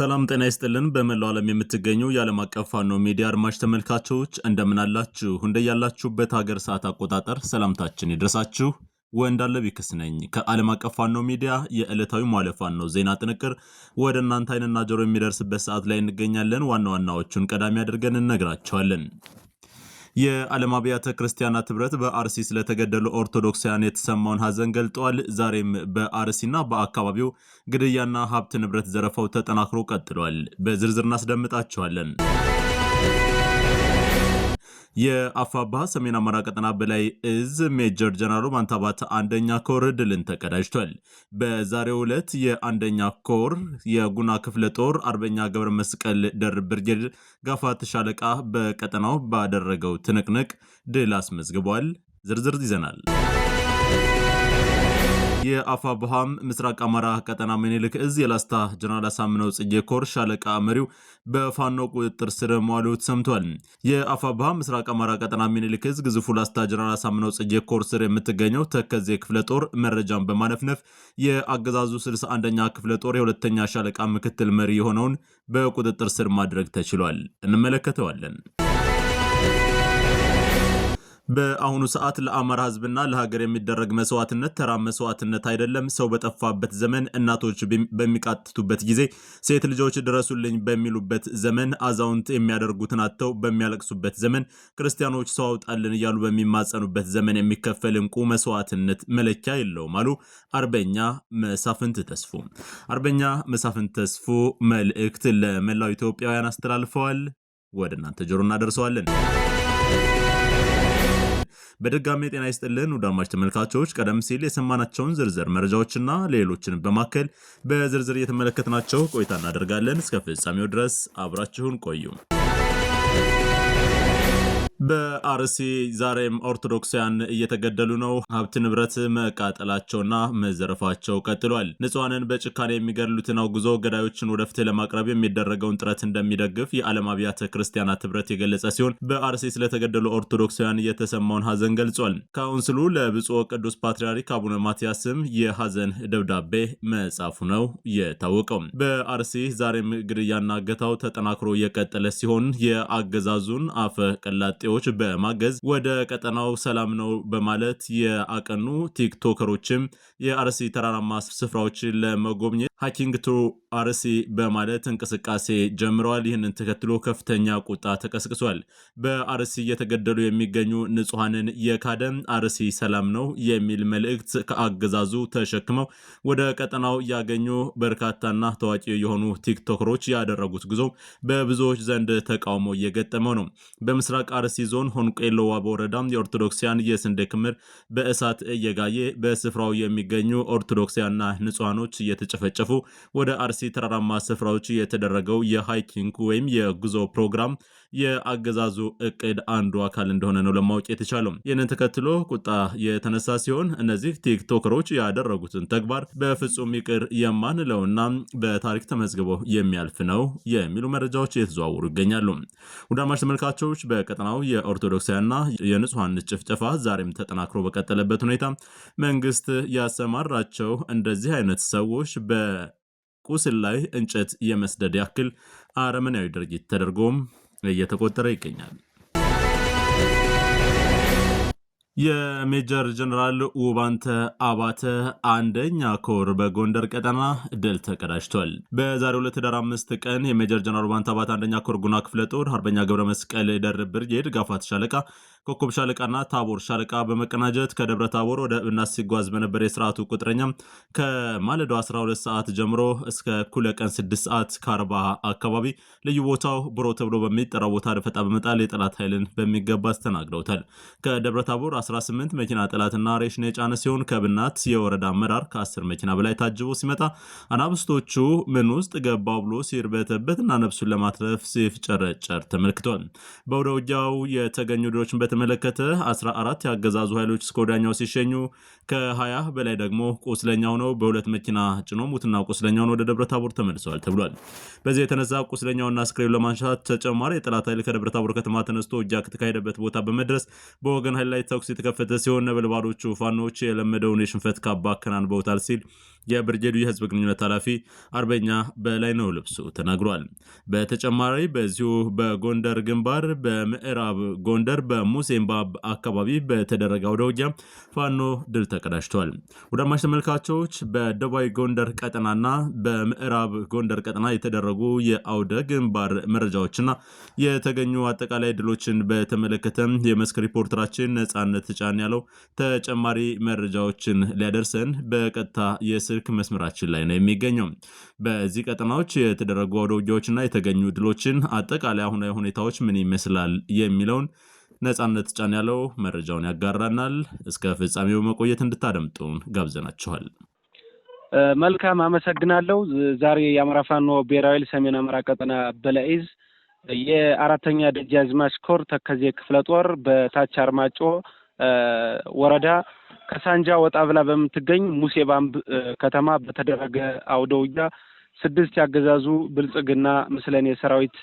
ሰላም ጤና ይስጥልን። በመላው ዓለም የምትገኙ የዓለም አቀፍ ፋኖ ሚዲያ አድማጭ ተመልካቾች እንደምናላችሁ፣ እንደያላችሁበት ሀገር ሰዓት አቆጣጠር ሰላምታችን ይድረሳችሁ። ወንዳለ ቢክስ ነኝ ከዓለም አቀፍ ፋኖ ሚዲያ የዕለታዊ ማለ ፋኖ ዜና ጥንቅር ወደ እናንተ አይንና ጆሮ የሚደርስበት ሰዓት ላይ እንገኛለን። ዋና ዋናዎቹን ቀዳሚ አድርገን እነግራቸዋለን። የዓለም አብያተ ክርስቲያናት ህብረት በአርሲ ስለተገደሉ ኦርቶዶክሳውያን የተሰማውን ሀዘን ገልጠዋል። ዛሬም በአርሲና በአካባቢው ግድያና ሀብት ንብረት ዘረፋው ተጠናክሮ ቀጥሏል። በዝርዝር እናስደምጣቸዋለን። የአፋባ ሰሜን አማራ ቀጠና በላይ እዝ ሜጀር ጀነራሉ ማንታባት አንደኛ ኮር ድልን ተቀዳጅቷል። በዛሬው ዕለት የአንደኛ ኮር የጉና ክፍለ ጦር አርበኛ ገብረ መስቀል ደር ብርጌድ ጋፋት ሻለቃ በቀጠናው ባደረገው ትንቅንቅ ድል አስመዝግቧል። ዝርዝር ይዘናል። የአፋ ብሃም ምስራቅ አማራ ቀጠና ምኒልክ እዝ የላስታ ጀነራል አሳምነው ጽጌ ኮር ሻለቃ መሪው በፋኖ ቁጥጥር ስር መዋሉ ተሰምቷል። ብሃም ምስራቅ አማራ ቀጠና ምኒልክ እዝ ግዙፉ ላስታ ጀነራል አሳምነው ጽጌ ኮር ስር የምትገኘው ተከዜ ክፍለ ጦር መረጃን በማነፍነፍ የአገዛዙ 61ኛ ክፍለ ጦር የሁለተኛ ሻለቃ ምክትል መሪ የሆነውን በቁጥጥር ስር ማድረግ ተችሏል። እንመለከተዋለን። በአሁኑ ሰዓት ለአማራ ህዝብና ለሀገር የሚደረግ መስዋዕትነት ተራ መስዋዕትነት አይደለም። ሰው በጠፋበት ዘመን፣ እናቶች በሚቃትቱበት ጊዜ፣ ሴት ልጆች ድረሱልኝ በሚሉበት ዘመን፣ አዛውንት የሚያደርጉትን አጥተው በሚያለቅሱበት ዘመን፣ ክርስቲያኖች ሰው አውጣልን እያሉ በሚማጸኑበት ዘመን የሚከፈል እንቁ መስዋዕትነት መለኪያ የለውም አሉ አርበኛ መሳፍንት ተስፉ። አርበኛ መሳፍንት ተስፉ መልእክት ለመላው ኢትዮጵያውያን አስተላልፈዋል። ወደ እናንተ ጆሮ እናደርሰዋለን። በድጋሚ ጤና ይስጥልን ውዳማች ተመልካቾች፣ ቀደም ሲል የሰማናቸውን ዝርዝር መረጃዎችና ሌሎችን በማከል በዝርዝር እየተመለከትናቸው ቆይታ እናደርጋለን። እስከ ፍጻሜው ድረስ አብራችሁን ቆዩ። በአርሲ ዛሬም ኦርቶዶክሳውያን እየተገደሉ ነው። ሀብት ንብረት መቃጠላቸውና መዘረፋቸው ቀጥሏል። ንጹሐንን በጭካኔ የሚገድሉትን አውግዞ ገዳዮችን ወደ ፍትህ ለማቅረብ የሚደረገውን ጥረት እንደሚደግፍ የዓለም አብያተ ክርስቲያናት ህብረት የገለጸ ሲሆን በአርሲ ስለተገደሉ ኦርቶዶክሳውያን የተሰማውን ሀዘን ገልጿል። ካውንስሉ ለብፁዕ ቅዱስ ፓትርያርክ አቡነ ማትያስም የሀዘን ደብዳቤ መጻፉ ነው የታወቀው። በአርሲ ዛሬም ግድያና እገታው ተጠናክሮ የቀጠለ ሲሆን የአገዛዙን አፈ ቀላጤ ታጣቂዎች በማገዝ ወደ ቀጠናው ሰላም ነው በማለት የአቀኑ ቲክቶከሮችም የአርሲ ተራራማ ስፍራዎችን ለመጎብኘት ሃኪንግ ቱ አርሲ በማለት እንቅስቃሴ ጀምረዋል። ይህንን ተከትሎ ከፍተኛ ቁጣ ተቀስቅሷል። በአርሲ እየተገደሉ የሚገኙ ንጹሐንን የካደም አርሲ ሰላም ነው የሚል መልእክት ከአገዛዙ ተሸክመው ወደ ቀጠናው ያገኙ በርካታና ታዋቂ የሆኑ ቲክቶከሮች ያደረጉት ጉዞ በብዙዎች ዘንድ ተቃውሞ እየገጠመው ነው። በምስራቅ አርሲ አርሲ ዞን ሆንቄሎዋ ዋቤ የኦርቶዶክሲያን የስንዴ ክምር በእሳት እየጋየ በስፍራው የሚገኙ ኦርቶዶክሲያንና ንጹሐኖች እየተጨፈጨፉ ወደ አርሲ ተራራማ ስፍራዎች የተደረገው የሃይኪንግ ወይም የጉዞ ፕሮግራም የአገዛዙ እቅድ አንዱ አካል እንደሆነ ነው ለማወቅ የተቻለው። ይህንን ተከትሎ ቁጣ የተነሳ ሲሆን እነዚህ ቲክቶከሮች ያደረጉትን ተግባር በፍጹም ይቅር የማንለውና በታሪክ ተመዝግበው የሚያልፍ ነው የሚሉ መረጃዎች እየተዘዋወሩ ይገኛሉ። ውዳማሽ ተመልካቾች በቀጠናው የኦርቶዶክሳውያንና የንጹሐን ጭፍጨፋ ዛሬም ተጠናክሮ በቀጠለበት ሁኔታ መንግስት ያሰማራቸው እንደዚህ አይነት ሰዎች በቁስል ላይ እንጨት የመስደድ ያክል አረመናዊ ድርጊት ተደርጎም እየተቆጠረ ይገኛል። የሜጀር ጀነራል ውባንተ አባተ አንደኛ ኮር በጎንደር ቀጠና ድል ተቀዳጅቷል። በዛሬው ዕለት ኅዳር አምስት ቀን የሜጀር ጀነራል ውባንተ አባተ አንደኛ ኮር ጉና ክፍለ ጦር አርበኛ ገብረ መስቀል ደር ብርጌድ፣ ጋፋት ሻለቃ፣ ኮኮብ ሻለቃና ታቦር ሻለቃ በመቀናጀት ከደብረ ታቦር ወደ እብናት ሲጓዝ በነበረ የስርዓቱ ቁጥረኛ ከማለዶ 12 ሰዓት ጀምሮ እስከ ኩለ ቀን 6 ሰዓት ከአርባ አካባቢ ልዩ ቦታው ብሮ ተብሎ በሚጠራው ቦታ ደፈጣ በመጣል የጠላት ኃይልን በሚገባ አስተናግደውታል። ከደብረ ታቦር 18 መኪና ጠላትና ሬሽን የጫነ ሲሆን ከብናት የወረዳ አመራር ከ10 መኪና በላይ ታጅቦ ሲመጣ አናብስቶቹ ምን ውስጥ ገባው ብሎ ሲርበተበትና ነፍሱን ለማትረፍ ሲፍጨረጨር ተመልክቷል። በወደ ውጊያው የተገኙ ድሎችን በተመለከተ 14 የአገዛዙ ኃይሎች እስከ ወዲያኛው ሲሸኙ ከ20 በላይ ደግሞ ቁስለኛ ሆነው በሁለት መኪና ጭኖ ሙትና ቁስለኛውን ወደ ደብረ ታቦር ተመልሰዋል ተብሏል። በዚህ የተነሳ ቁስለኛውና አስክሬን ለማንሳት ተጨማሪ የጠላት ኃይል ከደብረ ታቦር ከተማ ተነስቶ ውጊያ ከተካሄደበት ቦታ በመድረስ በወገን ኃይል ላይ ተኩስ የተከፈተ ሲሆን ነበልባሎቹ ፋኖች የለመደውን የሽንፈት ካባ አከናንበውታል ሲል የብርጌዱ የህዝብ ግንኙነት ኃላፊ አርበኛ በላይ ነው ልብሱ ተናግሯል። በተጨማሪ በዚሁ በጎንደር ግንባር በምዕራብ ጎንደር በሙሴምባብ አካባቢ በተደረገ አውደ ፋኖ ድል ተቀዳጅቷል። ውዳማሽ ተመልካቾች በደቡባዊ ጎንደር ቀጠናና በምዕራብ ጎንደር ቀጠና የተደረጉ የአውደ ግንባር መረጃዎችና የተገኙ አጠቃላይ ድሎችን በተመለከተ የመስክ ሪፖርተራችን ነፃነት ጫን ያለው ተጨማሪ መረጃዎችን ሊያደርሰን በቀጥታ የስ ስልክ መስመራችን ላይ ነው የሚገኘው። በዚህ ቀጠናዎች የተደረጉ አውደ ውጊያዎችና የተገኙ ድሎችን አጠቃላይ አሁናዊ ሁኔታዎች ምን ይመስላል የሚለውን ነጻነት ጫን ያለው መረጃውን ያጋራናል። እስከ ፍጻሜው መቆየት እንድታደምጡን ጋብዘናችኋል። መልካም አመሰግናለሁ። ዛሬ የአማራ ፋኖ ብሔራዊ ኃይል ሰሜን አማራ ቀጠና በለኢዝ የአራተኛ ደጃዝማች ኮር ተከዜ ክፍለ ጦር በታች አርማጮ ወረዳ ከሳንጃ ወጣ ብላ በምትገኝ ሙሴ ባምብ ከተማ በተደረገ አውደ ውጊያ ስድስት ያገዛዙ ብልጽግና ምስለኔ ሰራዊት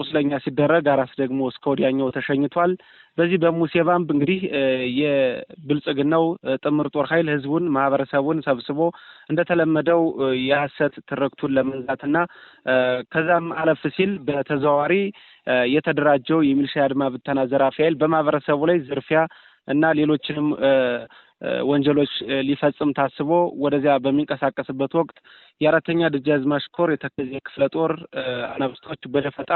ቁስለኛ ሲደረግ አራስ ደግሞ እስከ ወዲያኛው ተሸኝቷል። በዚህ በሙሴ ባምብ እንግዲህ የብልጽግናው ጥምር ጦር ኃይል ህዝቡን፣ ማህበረሰቡን ሰብስቦ እንደተለመደው የሀሰት ትርክቱን ለመንዛትና ከዛም አለፍ ሲል በተዘዋዋሪ የተደራጀው የሚልሻ አድማ ብተና ዘራፊ ኃይል በማህበረሰቡ ላይ ዝርፊያ እና ሌሎችንም ወንጀሎች ሊፈጽም ታስቦ ወደዚያ በሚንቀሳቀስበት ወቅት የአራተኛ ደጃዝማች ኮር የተከዜ ክፍለ ጦር አናብስቶች በደፈጣ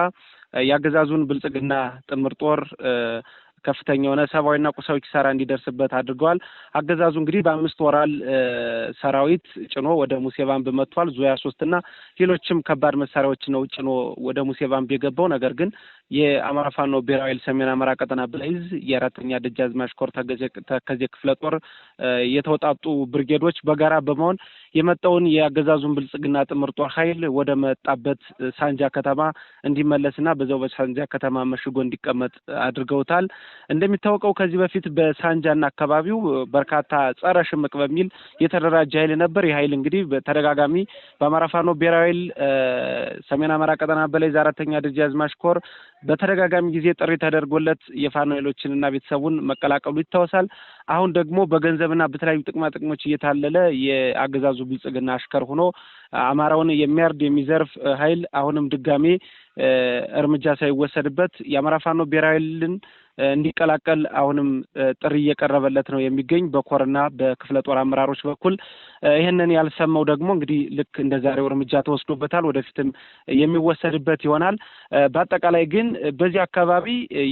የአገዛዙን ብልጽግና ጥምር ጦር ከፍተኛ የሆነ ሰብአዊና ቁሳዊ ኪሳራ እንዲደርስበት አድርገዋል። አገዛዙ እንግዲህ በአምስት ወራል ሰራዊት ጭኖ ወደ ሙሴ ባምብ መጥቷል። ዙያ ሶስት እና ሌሎችም ከባድ መሳሪያዎች ነው ጭኖ ወደ ሙሴ ባምብ የገባው። ነገር ግን የአማራ ፋኖ ብሔራዊ ኃይል ሰሜን አማራ ቀጠና ብላይዝ የአራተኛ ደጃዝማች ኮር ተከዜ ክፍለ ጦር የተወጣጡ ብርጌዶች በጋራ በመሆን የመጣውን የአገዛዙን ብልጽግና ጥምር ጦር ኃይል ወደ መጣበት ሳንጃ ከተማ እንዲመለስና በዚያው በሳንጃ ከተማ መሽጎ እንዲቀመጥ አድርገውታል። እንደሚታወቀው ከዚህ በፊት በሳንጃና አካባቢው በርካታ ጸረ ሽምቅ በሚል የተደራጀ ኃይል ነበር። ይህ ኃይል እንግዲህ በተደጋጋሚ በአማራ ፋኖ ብሔራዊ ኃይል ሰሜን አማራ ቀጠና በላይዝ አራተኛ ደጃዝማች ኮር በተደጋጋሚ ጊዜ ጥሪ ተደርጎለት የፋኖ ኃይሎችንና ቤተሰቡን መቀላቀሉ ይታወሳል። አሁን ደግሞ በገንዘብና በተለያዩ ጥቅማ ጥቅሞች እየታለለ የአገዛዙ ብልጽግና አሽከር ሆኖ አማራውን የሚያርድ የሚዘርፍ ኃይል አሁንም ድጋሜ እርምጃ ሳይወሰድበት የአማራ ፋኖ ብሔራዊ ኃይልን እንዲቀላቀል አሁንም ጥሪ እየቀረበለት ነው የሚገኝ በኮርና በክፍለ ጦር አመራሮች በኩል። ይህንን ያልሰማው ደግሞ እንግዲህ ልክ እንደ ዛሬው እርምጃ ተወስዶበታል፣ ወደፊትም የሚወሰድበት ይሆናል። በአጠቃላይ ግን በዚህ አካባቢ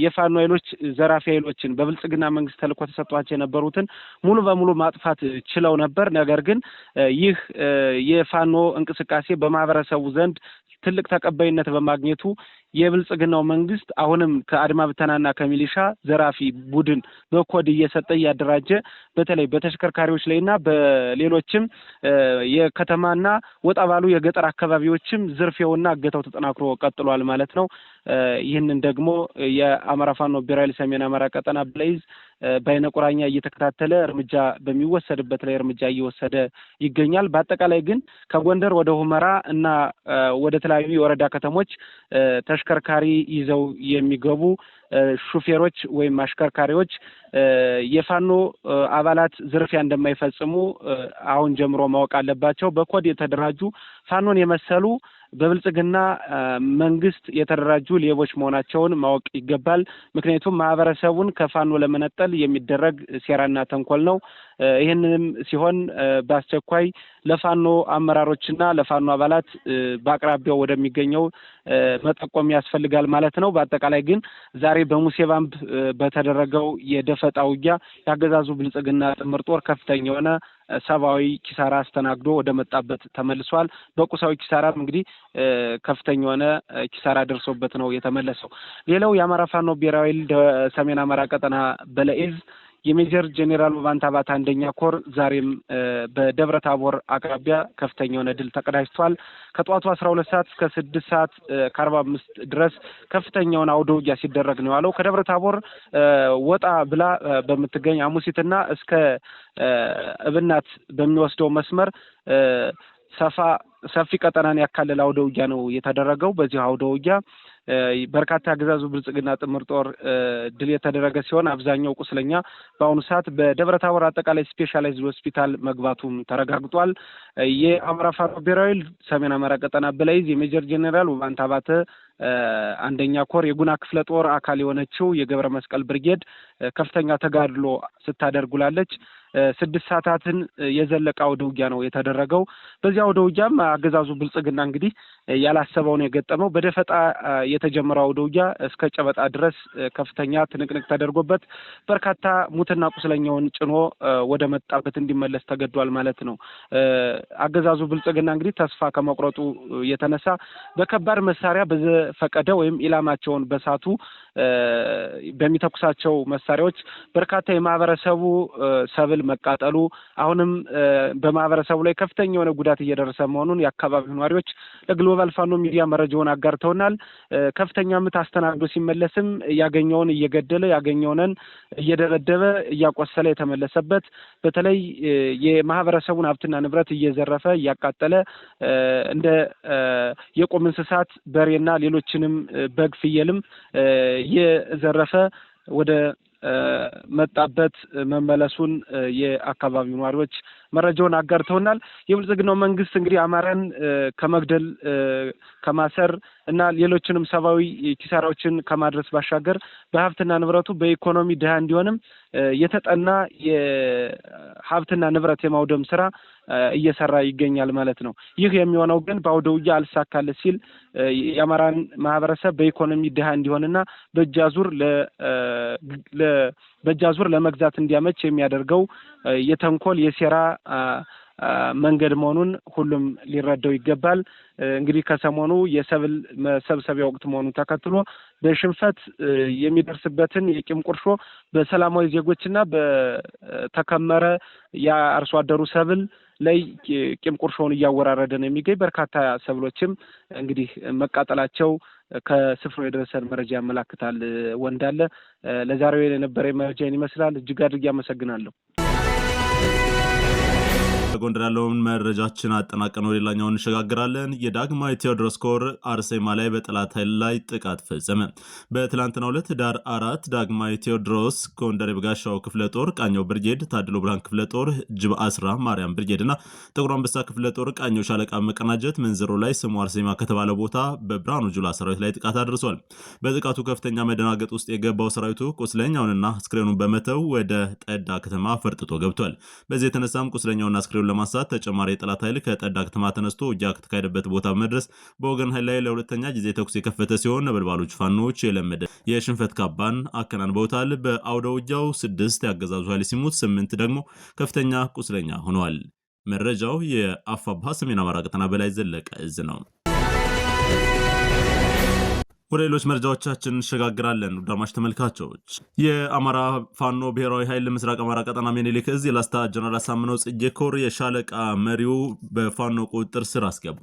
የፋኖ ኃይሎች ዘራፊ ኃይሎችን በብልጽግና መንግስት ተልእኮ ተሰጧቸው የነበሩትን ሙሉ በሙሉ ማጥፋት ችለው ነበር። ነገር ግን ይህ የፋኖ እንቅስቃሴ በማህበረሰቡ ዘንድ ትልቅ ተቀባይነት በማግኘቱ የብልጽግናው መንግስት አሁንም ከአድማ ብተናና ከሚሊሻ ዘራፊ ቡድን በኮድ እየሰጠ እያደራጀ በተለይ በተሽከርካሪዎች ላይና በሌሎችም የከተማና ወጣ ባሉ የገጠር አካባቢዎችም ዝርፊያውና እገታው ተጠናክሮ ቀጥሏል ማለት ነው። ይህንን ደግሞ የአማራ ፋኖ ብሔራዊ ሰሜን አማራ ቀጠና ብለይዝ በአይነ ቁራኛ እየተከታተለ እርምጃ በሚወሰድበት ላይ እርምጃ እየወሰደ ይገኛል። በአጠቃላይ ግን ከጎንደር ወደ ሁመራ እና ወደ ተለያዩ የወረዳ ከተሞች ተሽከርካሪ ይዘው የሚገቡ ሹፌሮች ወይም አሽከርካሪዎች የፋኖ አባላት ዝርፊያ እንደማይፈጽሙ አሁን ጀምሮ ማወቅ አለባቸው። በኮድ የተደራጁ ፋኖን የመሰሉ በብልጽግና መንግስት የተደራጁ ሌቦች መሆናቸውን ማወቅ ይገባል። ምክንያቱም ማህበረሰቡን ከፋኖ ለመነጠል የሚደረግ ሴራና ተንኮል ነው። ይህንንም ሲሆን በአስቸኳይ ለፋኖ አመራሮችና ለፋኖ አባላት በአቅራቢያው ወደሚገኘው መጠቆም ያስፈልጋል ማለት ነው። በአጠቃላይ ግን ዛሬ በሙሴ ባምብ በተደረገው የደፈጣ ውጊያ ያገዛዙ ብልጽግና ጥምር ጦር ከፍተኛ የሆነ ሰብአዊ ኪሳራ አስተናግዶ ወደ መጣበት ተመልሷል። በቁሳዊ ኪሳራም እንግዲህ ከፍተኛ የሆነ ኪሳራ ደርሶበት ነው የተመለሰው። ሌላው የአማራ ፋኖ ብሔራዊ ሰሜን አማራ ቀጠና በለኤዝ የሜጀር ጄኔራል ውባንታ ባታ አንደኛ ኮር ዛሬም በደብረ ታቦር አቅራቢያ ከፍተኛ የሆነ ድል ተቀዳጅቷል። ከጠዋቱ አስራ ሁለት ሰዓት እስከ ስድስት ሰዓት ከአርባ አምስት ድረስ ከፍተኛውን አውደ ውጊያ ሲደረግ ነው የዋለው። ከደብረ ታቦር ወጣ ብላ በምትገኝ አሙሲትና እስከ እብናት በሚወስደው መስመር ሰፋ ሰፊ ቀጠናን ያካለለ አውደ ውጊያ ነው የተደረገው። በዚህ አውደ ውጊያ በርካታ የአገዛዙ ብልጽግና ጥምር ጦር ድል የተደረገ ሲሆን አብዛኛው ቁስለኛ በአሁኑ ሰዓት በደብረ ታቦር አጠቃላይ ስፔሻላይዝድ ሆስፒታል መግባቱም ተረጋግጧል። የአማራ ፋኖ ብሔራዊ ሰሜን አማራ ቀጠና በላይዝ የሜጀር ጄኔራል ውባንታ አንደኛ ኮር የጉና ክፍለ ጦር አካል የሆነችው የገብረ መስቀል ብርጌድ ከፍተኛ ተጋድሎ ስታደርጉላለች። ስድስት ሰዓታትን የዘለቀ አውደ ውጊያ ነው የተደረገው። በዚህ አውደ ውጊያም አገዛዙ ብልጽግና እንግዲህ ያላሰበውን የገጠመው በደፈጣ የተጀመረው አውደ ውጊያ እስከ ጨበጣ ድረስ ከፍተኛ ትንቅንቅ ተደርጎበት በርካታ ሙትና ቁስለኛውን ጭኖ ወደ መጣበት እንዲመለስ ተገዷል ማለት ነው። አገዛዙ ብልጽግና እንግዲህ ተስፋ ከመቁረጡ የተነሳ በከባድ መሳሪያ በዘፈቀደ ወይም ኢላማቸውን በሳቱ በሚተኩሳቸው መሳሪያዎች በርካታ የማህበረሰቡ ሰብል መቃጠሉ አሁንም በማህበረሰቡ ላይ ከፍተኛ የሆነ ጉዳት እየደረሰ መሆኑን የአካባቢው ነዋሪዎች ለግሎባል ፋኖ ሚዲያ መረጃውን አጋርተውናል። ከፍተኛ ምት አስተናግዶ ሲመለስም ያገኘውን እየገደለ ያገኘውንን እየደበደበ እያቆሰለ የተመለሰበት በተለይ የማህበረሰቡን ሀብትና ንብረት እየዘረፈ እያቃጠለ እንደ የቁም እንስሳት በሬና ሌሎችንም በግ፣ ፍየልም እየዘረፈ ወደ መጣበት መመለሱን የአካባቢው ነዋሪዎች መረጃውን አጋርተውናል። የብልጽግናው መንግስት እንግዲህ አማራን ከመግደል ከማሰር እና ሌሎችንም ሰብአዊ ኪሳራዎችን ከማድረስ ባሻገር በሀብትና ንብረቱ በኢኮኖሚ ድሃ እንዲሆንም የተጠና የሀብትና ንብረት የማውደም ስራ እየሰራ ይገኛል ማለት ነው። ይህ የሚሆነው ግን በአውደ ውጊያ አልሳካለ ሲል የአማራን ማህበረሰብ በኢኮኖሚ ድሃ እንዲሆንና በእጅ አዙር በእጃዙር ለመግዛት እንዲያመች የሚያደርገው የተንኮል የሴራ መንገድ መሆኑን ሁሉም ሊረዳው ይገባል። እንግዲህ ከሰሞኑ የሰብል መሰብሰቢያ ወቅት መሆኑን ተከትሎ በሽንፈት የሚደርስበትን የቂም ቁርሾ በሰላማዊ ዜጎችና በተከመረ የአርሶ አደሩ ሰብል ላይ ቂም ቁርሾውን እያወራረደ ነው የሚገኝ። በርካታ ሰብሎችም እንግዲህ መቃጠላቸው ከስፍራው የደረሰን መረጃ ያመላክታል። ወንዳለ፣ ለዛሬው የነበረ መረጃ ይመስላል። እጅግ አድርጌ አመሰግናለሁ። ከጎንደር ያለውን መረጃችን አጠናቀን ወደ ሌላኛው እንሸጋግራለን። የዳግማዊ ቴዎድሮስ ኮር አርሴማ ላይ በጠላት ኃይል ላይ ጥቃት ፈጸመ። በትላንትና ሁለት ዳር አራት ዳግማዊ ቴዎድሮስ ጎንደር የበጋሻው ክፍለ ጦር ቃኘው ብርጌድ፣ ታድሎ ብርሃን ክፍለ ጦር፣ ጅብ አስራ ማርያም ብርጌድ እና ጥቁር አንበሳ ክፍለ ጦር ቃኘው ሻለቃ መቀናጀት መንዝሮ ላይ ስሙ አርሴማ ከተባለ ቦታ በብርሃኑ ጁላ ሰራዊት ላይ ጥቃት አድርሷል። በጥቃቱ ከፍተኛ መደናገጥ ውስጥ የገባው ሰራዊቱ ቁስለኛውንና አስክሬኑን በመተው ወደ ጠዳ ከተማ ፈርጥጦ ገብቷል። በዚህ የተነሳም ቁስለኛውና አስክሬኑ ኃይሉን ለማሳት ተጨማሪ የጠላት ኃይል ከጠዳ ከተማ ተነስቶ ውጊያ ከተካሄደበት ቦታ በመድረስ በወገን ኃይል ላይ ለሁለተኛ ጊዜ ተኩስ የከፈተ ሲሆን ነበልባሎች ፋኖዎች የለመደ የሽንፈት ካባን አከናንበውታል። በአውደ ውጊያው ስድስት ያገዛዙ ኃይል ሲሞት፣ ስምንት ደግሞ ከፍተኛ ቁስለኛ ሆነዋል። መረጃው የአፋብሃ ሰሜን አማራ ቀጠና በላይ ዘለቀ እዝ ነው። ወደ ሌሎች መረጃዎቻችን እንሸጋግራለን። ውዳማሽ ተመልካቾች የአማራ ፋኖ ብሔራዊ ኃይል ምስራቅ አማራ ቀጠና ሜኔሊክ እዝ የላስታ ጀነራል አሳምነው ጽጌ ኮር የሻለቃ መሪው በፋኖ ቁጥጥር ስር አስገቡ።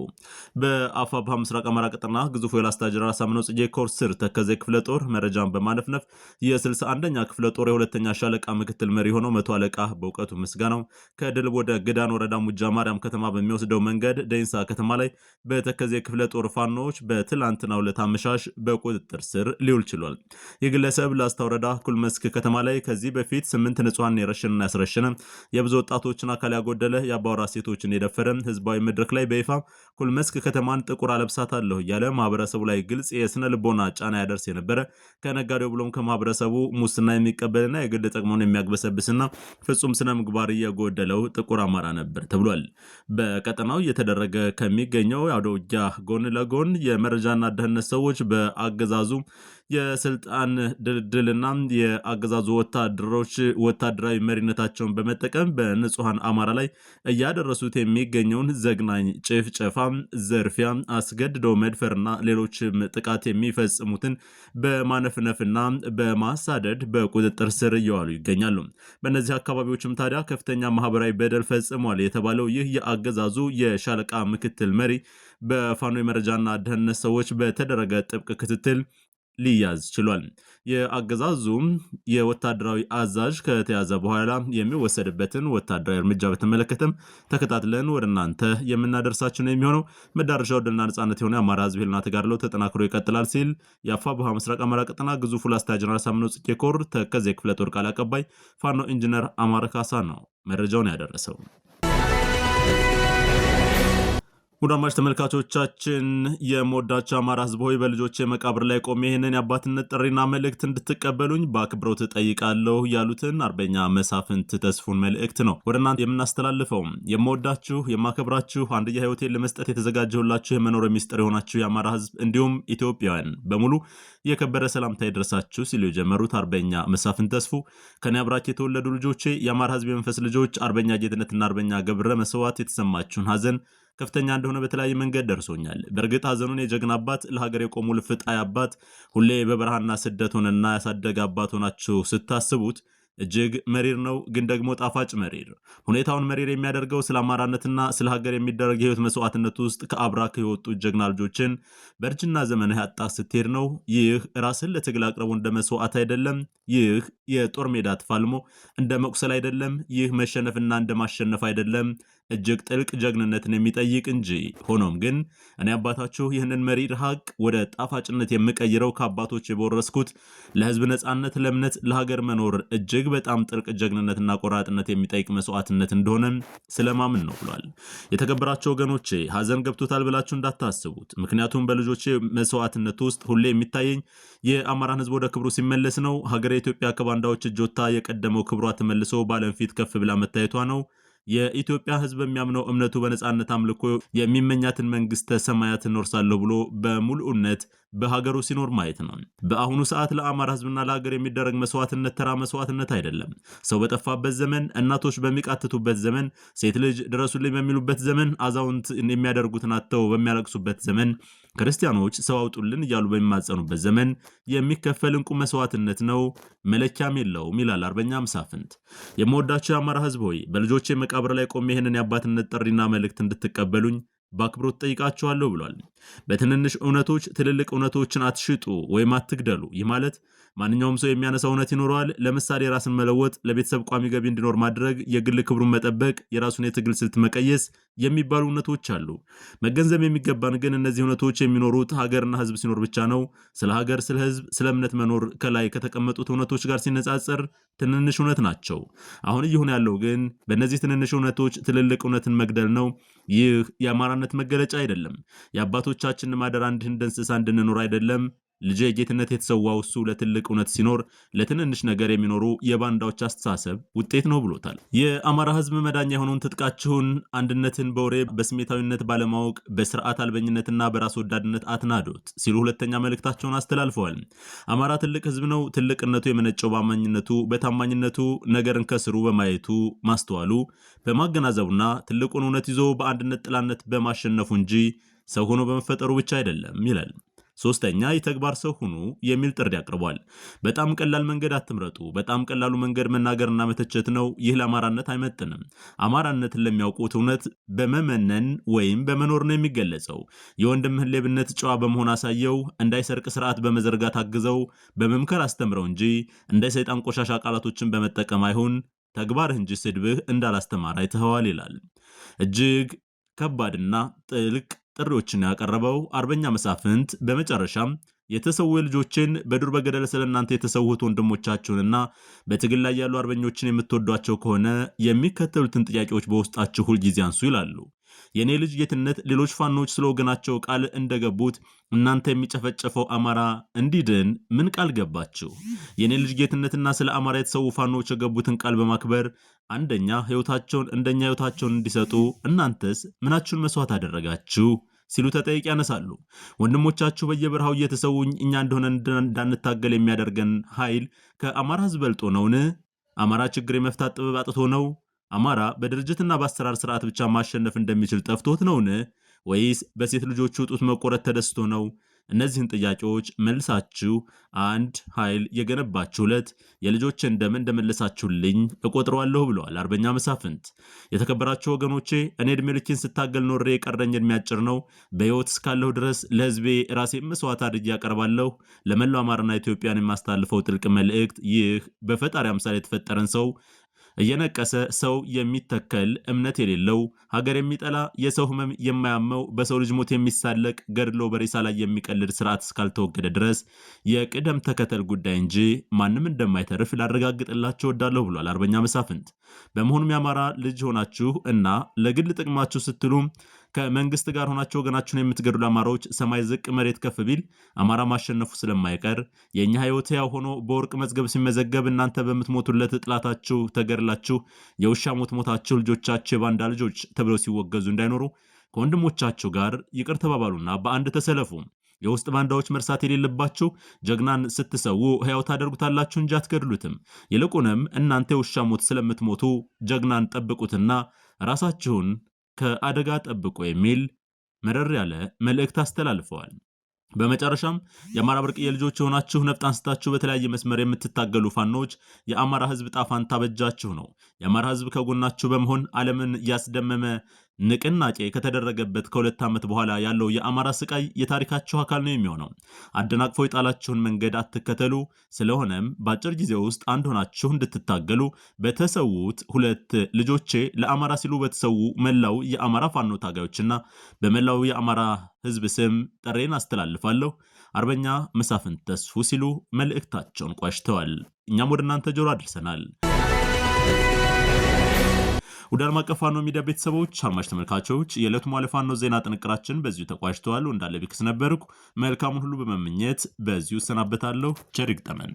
በአፋብሃ ምስራቅ አማራ ቀጠና ግዙፉ የላስታ ጀነራል አሳምነው ጽጌ ኮር ስር ተከዘ ክፍለ ጦር መረጃን በማነፍነፍ የ61ኛ ክፍለ ጦር የሁለተኛ ሻለቃ ምክትል መሪ ሆነው መቶ አለቃ በእውቀቱ ምስጋናው ከድል ወደ ግዳን ወረዳ ሙጃ ማርያም ከተማ በሚወስደው መንገድ ደይንሳ ከተማ ላይ በተከዘ ክፍለ ጦር ፋኖዎች በትላንትና ሁለት አመሻሽ በቁጥጥር ስር ሊውል ችሏል። ይህ ግለሰብ ላስታ ወረዳ ኩልመስክ ከተማ ላይ ከዚህ በፊት ስምንት ንጹሐን የረሸነና ያስረሸነ የብዙ ወጣቶችን አካል ያጎደለ የአባወራ ሴቶችን የደፈረ ህዝባዊ መድረክ ላይ በይፋ ኩልመስክ ከተማን ጥቁር አለሁ እያለ ማህበረሰቡ ላይ ግልጽ የስነ ልቦና ጫና ያደርስ የነበረ ከነጋዴው ብሎም ከማህበረሰቡ ሙስና የሚቀበልና የግል ጥቅሙን የሚያግበሰብስና ፍጹም ስነ ምግባር እየጎደለው ጥቁር አማራ ነበር ተብሏል። በቀጠናው እየተደረገ ከሚገኘው አውደ ውጊያ ጎን ለጎን የመረጃና ደህንነት ሰዎች በ አገዛዙ የስልጣን ድልድልና የአገዛዙ ወታደሮች ወታደራዊ መሪነታቸውን በመጠቀም በንጹሐን አማራ ላይ እያደረሱት የሚገኘውን ዘግናኝ ጭፍጨፋ፣ ዘርፊያ፣ አስገድዶ መድፈርና ሌሎችም ጥቃት የሚፈጽሙትን በማነፍነፍና በማሳደድ በቁጥጥር ስር እየዋሉ ይገኛሉ። በእነዚህ አካባቢዎችም ታዲያ ከፍተኛ ማህበራዊ በደል ፈጽሟል የተባለው ይህ የአገዛዙ የሻለቃ ምክትል መሪ በፋኖ የመረጃና ደህንነት ሰዎች በተደረገ ጥብቅ ክትትል ሊያዝ ችሏል። የአገዛዙም የወታደራዊ አዛዥ ከተያዘ በኋላ የሚወሰድበትን ወታደራዊ እርምጃ በተመለከተም ተከታትለን ወደ እናንተ የምናደርሳችሁ ነው የሚሆነው። መዳረሻው ድልና ነጻነት የሆነ የአማራ ህዝብ ህልና ተጋድሎ ተጠናክሮ ይቀጥላል ሲል የአፋ ባህ ምስራቅ አማራ ቀጠና ግዙፉ ላስታ ጀነራል ሳምኖ ጽጌ ኮር ተከዜ ክፍለ ጦር ቃል አቀባይ ፋኖ ኢንጂነር አማረ ካሳ ነው መረጃውን ያደረሰው። ውድ ተመልካቾቻችን የምወዳቸው አማራ ህዝብ ሆይ በልጆች መቃብር ላይ ቆሜ ይህንን የአባትነት ጥሪና መልእክት እንድትቀበሉኝ በአክብሮት እጠይቃለሁ ያሉትን አርበኛ መሳፍንት ተስፉን መልእክት ነው ወደ እናንተ የምናስተላልፈው። የምወዳችሁ የማከብራችሁ አንድያ ህይወቴን ለመስጠት የተዘጋጀሁላችሁ የመኖር የሚስጥር የሆናችሁ የአማራ ህዝብ እንዲሁም ኢትዮጵያውያን በሙሉ የከበረ ሰላምታ ይድረሳችሁ ሲሉ የጀመሩት አርበኛ መሳፍንት ተስፉ ከኔ አብራች የተወለዱ ልጆቼ የአማራ ህዝብ የመንፈስ ልጆች አርበኛ ጌትነትና አርበኛ ገብረ መስዋዕት የተሰማችሁን ሀዘን ከፍተኛ እንደሆነ በተለያየ መንገድ ደርሶኛል። በእርግጥ ሀዘኑን የጀግና አባት ለሀገር የቆሙ ልፍጣይ አባት ሁሌ በበረሃና ስደት ሆነና ያሳደገ አባት ሆናችሁ ስታስቡት እጅግ መሪር ነው፣ ግን ደግሞ ጣፋጭ መሪር። ሁኔታውን መሪር የሚያደርገው ስለ አማራነትና ስለ ሀገር የሚደረግ የህይወት መስዋዕትነት ውስጥ ከአብራክ የወጡ ጀግና ልጆችን በእርጅና ዘመን ያጣ ስትሄድ ነው። ይህ ራስን ለትግል አቅርቦ እንደ መስዋዕት አይደለም። ይህ የጦር ሜዳ ተፋልሞ እንደ መቁሰል አይደለም። ይህ መሸነፍና እንደ ማሸነፍ አይደለም። እጅግ ጥልቅ ጀግንነትን የሚጠይቅ እንጂ። ሆኖም ግን እኔ አባታችሁ ይህንን መሪር ሀቅ ወደ ጣፋጭነት የምቀይረው ከአባቶች የበወረስኩት ለህዝብ ነጻነት፣ ለእምነት፣ ለሀገር መኖር እጅግ በጣም ጥልቅ ጀግንነትና ቆራጥነት የሚጠይቅ መስዋዕትነት እንደሆነ ስለማምን ነው ብሏል። የተከበራቸው ወገኖቼ ሀዘን ገብቶታል ብላችሁ እንዳታስቡት። ምክንያቱም በልጆቼ መስዋዕትነት ውስጥ ሁሌ የሚታየኝ የአማራን ህዝብ ወደ ክብሩ ሲመለስ ነው። ሀገር የኢትዮጵያ ከባንዳዎች እጆታ የቀደመው ክብሯ ተመልሶ በዓለም ፊት ከፍ ብላ መታየቷ ነው። የኢትዮጵያ ህዝብ የሚያምነው እምነቱ በነጻነት አምልኮ የሚመኛትን መንግስተ ሰማያት እኖርሳለሁ ብሎ በሙሉነት በሀገሩ ሲኖር ማየት ነው። በአሁኑ ሰዓት ለአማራ ህዝብና ለሀገር የሚደረግ መስዋዕትነት ተራ መስዋዕትነት አይደለም። ሰው በጠፋበት ዘመን፣ እናቶች በሚቃትቱበት ዘመን፣ ሴት ልጅ ድረሱልኝ በሚሉበት ዘመን፣ አዛውንት የሚያደርጉትን አጥተው በሚያለቅሱበት ዘመን ክርስቲያኖች ሰው አውጡልን እያሉ በሚማጸኑበት ዘመን የሚከፈል እንቁ መስዋዕትነት ነው፣ መለኪያም የለውም ይላል አርበኛ መሳፍንት። የምወዳቸው የአማራ ህዝብ ሆይ በልጆቼ መቃብር ላይ ቆሜ ይህንን የአባትነት ጥሪና መልእክት እንድትቀበሉኝ በአክብሮት ጠይቃቸዋለሁ ብሏል። በትንንሽ እውነቶች ትልልቅ እውነቶችን አትሽጡ ወይም አትግደሉ። ይህ ማለት ማንኛውም ሰው የሚያነሳው እውነት ይኖረዋል። ለምሳሌ የራስን መለወጥ፣ ለቤተሰብ ቋሚ ገቢ እንዲኖር ማድረግ፣ የግል ክብሩን መጠበቅ፣ የራሱን የትግል ስልት መቀየስ የሚባሉ እውነቶች አሉ። መገንዘብ የሚገባን ግን እነዚህ እውነቶች የሚኖሩት ሀገርና ሕዝብ ሲኖር ብቻ ነው። ስለ ሀገር፣ ስለ ሕዝብ፣ ስለ እምነት መኖር ከላይ ከተቀመጡት እውነቶች ጋር ሲነጻጸር ትንንሽ እውነት ናቸው። አሁን እየሆነ ያለው ግን በእነዚህ ትንንሽ እውነቶች ትልልቅ እውነትን መግደል ነው። ይህ የአማራነት መገለጫ አይደለም። የአባቶቻችንን ማደራ እንድንደንስሳ እንድንኖር አይደለም። ልጄ ጌትነት የተሰዋው እሱ ለትልቅ እውነት ሲኖር ለትንንሽ ነገር የሚኖሩ የባንዳዎች አስተሳሰብ ውጤት ነው ብሎታል። የአማራ ህዝብ መዳኛ የሆነውን ትጥቃችሁን አንድነትን በወሬ በስሜታዊነት ባለማወቅ በስርዓት አልበኝነትና በራስ ወዳድነት አትናዶት ሲሉ ሁለተኛ መልእክታቸውን አስተላልፈዋል። አማራ ትልቅ ህዝብ ነው። ትልቅነቱ የመነጨው በአማኝነቱ፣ በታማኝነቱ፣ ነገርን ከስሩ በማየቱ ማስተዋሉ፣ በማገናዘቡና ትልቁን እውነት ይዞ በአንድነት ጥላነት በማሸነፉ እንጂ ሰው ሆኖ በመፈጠሩ ብቻ አይደለም ይላል። ሶስተኛ የተግባር ሰው ሁኑ የሚል ጥሪ አቅርቧል። በጣም ቀላል መንገድ አትምረጡ። በጣም ቀላሉ መንገድ መናገርና መተቸት ነው። ይህ ለአማራነት አይመጥንም። አማራነትን ለሚያውቁት እውነት በመመነን ወይም በመኖር ነው የሚገለጸው። የወንድምህን ሌብነት ጨዋ በመሆን አሳየው። እንዳይሰርቅ ስርዓት በመዘርጋት አግዘው፣ በመምከር አስተምረው እንጂ እንደ ሰይጣን ቆሻሻ ቃላቶችን በመጠቀም አይሁን። ተግባርህ እንጂ ስድብህ እንዳላስተማር አይተኸዋል ይላል። እጅግ ከባድና ጥልቅ ጥሪዎችን ያቀረበው አርበኛ መሳፍንት በመጨረሻም የተሰዉ ልጆችን በዱር በገደል ስለ እናንተ የተሰውት ወንድሞቻችሁንና በትግል ላይ ያሉ አርበኞችን የምትወዷቸው ከሆነ የሚከተሉትን ጥያቄዎች በውስጣችሁ ሁልጊዜ አንሱ ይላሉ። የእኔ ልጅ ጌትነት ሌሎች ፋኖች ስለ ወገናቸው ቃል እንደገቡት እናንተ የሚጨፈጨፈው አማራ እንዲድን ምን ቃል ገባችሁ? የእኔ ልጅ ጌትነትና ስለ አማራ የተሰዉ ፋኖች የገቡትን ቃል በማክበር አንደኛ ህይወታቸውን እንደኛ ህይወታቸውን እንዲሰጡ እናንተስ ምናችሁን መስዋዕት አደረጋችሁ? ሲሉ ተጠይቅ ያነሳሉ። ወንድሞቻችሁ በየበረሃው እየተሰዉ እኛ እንደሆነ እንዳንታገል የሚያደርገን ኃይል ከአማራ ህዝብ በልጦ ነውን? አማራ ችግር የመፍታት ጥበብ አጥቶ ነው? አማራ በድርጅትና በአሰራር ስርዓት ብቻ ማሸነፍ እንደሚችል ጠፍቶት ነውን? ወይስ በሴት ልጆቹ ጡት መቆረጥ ተደስቶ ነው? እነዚህን ጥያቄዎች መልሳችሁ አንድ ኃይል የገነባችሁ ዕለት የልጆች እንደምን እንደመለሳችሁልኝ እቆጥረዋለሁ ብለዋል አርበኛ መሳፍንት። የተከበራቸው ወገኖቼ እኔ ዕድሜ ልኬን ስታገል ኖሬ የቀረኝ ዕድሜ አጭር ነው። በሕይወት እስካለሁ ድረስ ለሕዝቤ ራሴ መስዋዕት አድርጌ ያቀርባለሁ። ለመላው አማርና ኢትዮጵያን የማስተላልፈው ጥልቅ መልእክት ይህ በፈጣሪ አምሳል የተፈጠረን ሰው እየነቀሰ ሰው የሚተከል እምነት የሌለው ሀገር የሚጠላ የሰው ህመም የማያመው በሰው ልጅ ሞት የሚሳለቅ ገድሎ በሬሳ ላይ የሚቀልድ ስርዓት እስካልተወገደ ድረስ የቅደም ተከተል ጉዳይ እንጂ ማንም እንደማይተርፍ ላረጋግጥላቸው እወዳለሁ ብሏል አርበኛ መሳፍንት። በመሆኑም የአማራ ልጅ ሆናችሁ እና ለግል ጥቅማችሁ ስትሉም። ከመንግስት ጋር ሆናቸው ወገናችሁን የምትገድሉ አማራዎች ሰማይ ዝቅ መሬት ከፍ ቢል አማራ ማሸነፉ ስለማይቀር የእኛ ህይወት ያው ሆኖ በወርቅ መዝገብ ሲመዘገብ እናንተ በምትሞቱለት ጥላታችሁ ተገድላችሁ የውሻ ሞት ሞታችሁ ልጆቻችሁ የባንዳ ልጆች ተብለው ሲወገዙ እንዳይኖሩ ከወንድሞቻችሁ ጋር ይቅር ተባባሉና በአንድ ተሰለፉ። የውስጥ ባንዳዎች መርሳት የሌለባችሁ ጀግናን ስትሰዉ ሕያው ታደርጉታላችሁ እንጂ አትገድሉትም። ይልቁንም እናንተ የውሻ ሞት ስለምትሞቱ ጀግናን ጠብቁትና ራሳችሁን ከአደጋ ጠብቆ የሚል መረር ያለ መልእክት አስተላልፈዋል። በመጨረሻም የአማራ ብርቅዬ ልጆች የሆናችሁ ነፍጥ አንስታችሁ በተለያየ መስመር የምትታገሉ ፋኖች የአማራ ሕዝብ ጣፋንታ በጃችሁ ነው። የአማራ ሕዝብ ከጎናችሁ በመሆን ዓለምን እያስደመመ። ንቅናቄ ከተደረገበት ከሁለት ዓመት በኋላ ያለው የአማራ ስቃይ የታሪካቸው አካል ነው የሚሆነው። አደናቅፎ የጣላችሁን መንገድ አትከተሉ። ስለሆነም በአጭር ጊዜ ውስጥ አንድ ሆናችሁ እንድትታገሉ በተሰዉት ሁለት ልጆቼ ለአማራ ሲሉ በተሰዉ መላው የአማራ ፋኖ ታጋዮችና በመላው የአማራ ህዝብ ስም ጥሬን አስተላልፋለሁ። አርበኛ መሳፍንት ተስፉ ሲሉ መልእክታቸውን ቋጭተዋል። እኛም ወደ እናንተ ጆሮ አድርሰናል። ወደ አለም አቀፍ ፋኖ ሚዲያ ቤተሰቦች አድማጭ ተመልካቾች የዕለቱ ማለ ፋኖ ዜና ጥንቅራችን በዚሁ ተቋጭተዋል። እንዳለ ቢክስ ነበርኩ። መልካሙን ሁሉ በመመኘት በዚሁ እሰናበታለሁ። ቸር ይግጠመን።